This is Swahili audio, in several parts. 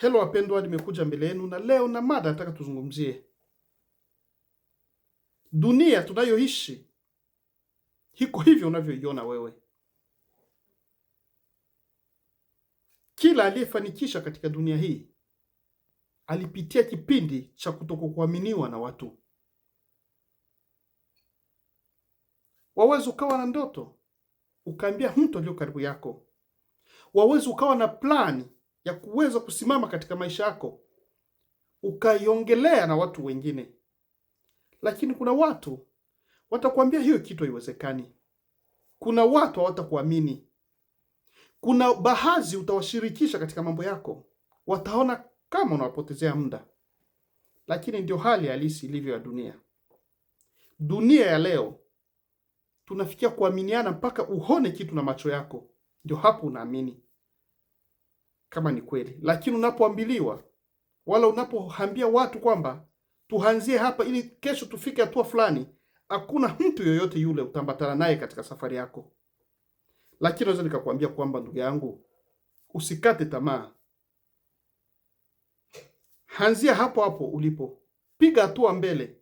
Hello wapendwa, nimekuja mbele yenu na leo na mada nataka tuzungumzie dunia tunayoishi hiko hivyo unavyoiona wewe. Kila aliyefanikisha katika dunia hii alipitia kipindi cha kutokuaminiwa na watu. Waweza ukawa na ndoto ukaambia mtu aliyo karibu yako, waweza ukawa na plani ya kuweza kusimama katika maisha yako ukaiongelea na watu wengine, lakini kuna watu watakwambia hiyo kitu haiwezekani. Kuna watu hawatakuamini. Kuna baadhi utawashirikisha katika mambo yako, wataona kama unawapotezea muda, lakini ndio hali halisi ilivyo ya dunia. Dunia ya leo tunafikia kuaminiana mpaka uone kitu na macho yako, ndio hapo unaamini kama ni kweli, lakini unapoambiliwa wala unapoambia watu kwamba tuanzie hapa ili kesho tufike hatua fulani, hakuna mtu yoyote yule utambatana naye katika safari yako. Lakini naweza nikakwambia kwamba ndugu yangu, usikate tamaa, hanzia hapo hapo ulipo, piga hatua mbele.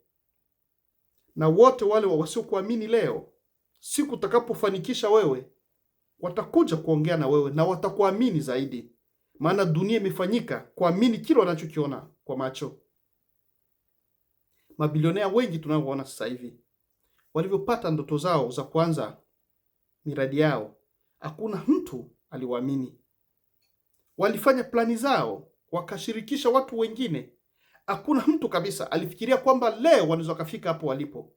Na wote wale wasiokuamini leo, siku utakapofanikisha wewe, watakuja kuongea na wewe na watakuamini zaidi maana dunia imefanyika kuamini kile wanachokiona kwa macho. Mabilionea wengi tunaoona sasa hivi walivyopata ndoto zao za kwanza, miradi yao, hakuna mtu aliwaamini. Walifanya plani zao wakashirikisha watu wengine, hakuna mtu kabisa alifikiria kwamba leo wanaweza wakafika hapo walipo.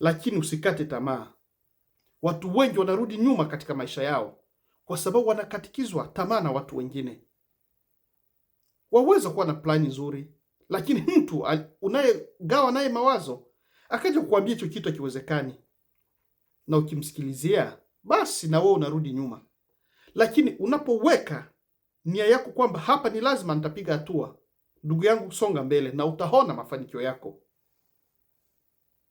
Lakini usikate tamaa, watu wengi wanarudi nyuma katika maisha yao kwa sababu wanakatikizwa tamaa na watu wengine. Waweza kuwa na plani nzuri, lakini mtu unayegawa naye mawazo akaja kukuambia hicho kitu akiwezekani na ukimsikilizia, basi na wewe unarudi nyuma. Lakini unapoweka nia yako kwamba hapa ni lazima nitapiga hatua, ndugu yangu, songa mbele na utaona mafanikio yako.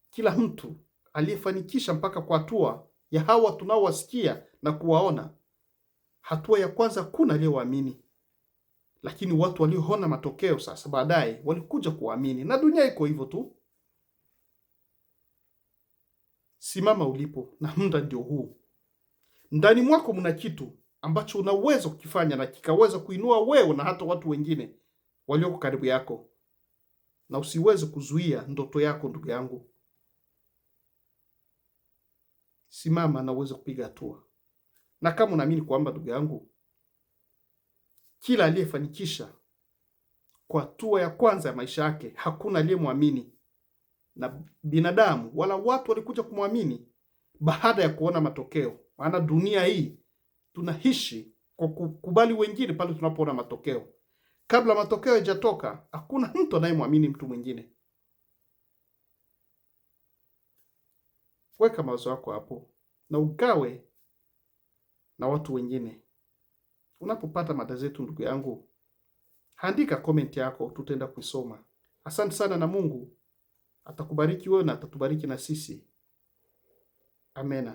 Kila mtu aliyefanikisha mpaka kwa hatua ya hawa tunaowasikia na kuwaona hatua ya kwanza kuna aliyowaamini, lakini watu walioona matokeo sasa baadaye walikuja kuwaamini, na dunia iko hivyo tu. Simama ulipo, na muda ndio huu. Ndani mwako mna kitu ambacho unaweza kukifanya na kikaweza kuinua wewe na hata watu wengine walioko karibu yako, na usiweze kuzuia ndoto yako. Ndugu yangu, simama na uweze kupiga hatua. Na kama unaamini kwamba, ndugu yangu, kila aliyefanikisha kwa hatua ya kwanza ya maisha yake hakuna aliyemwamini, na binadamu wala watu walikuja kumwamini baada ya kuona matokeo. Maana dunia hii tunaishi kwa kukubali wengine pale tunapoona matokeo. Kabla matokeo hayajatoka, hakuna mtu anayemwamini mtu mwingine. Weka mawazo yako hapo na ugawe na watu wengine. Unapopata mada zetu, ndugu yangu, andika comment yako, tutaenda kuisoma. Asante sana, na Mungu atakubariki wewe na atatubariki na sisi. Amena.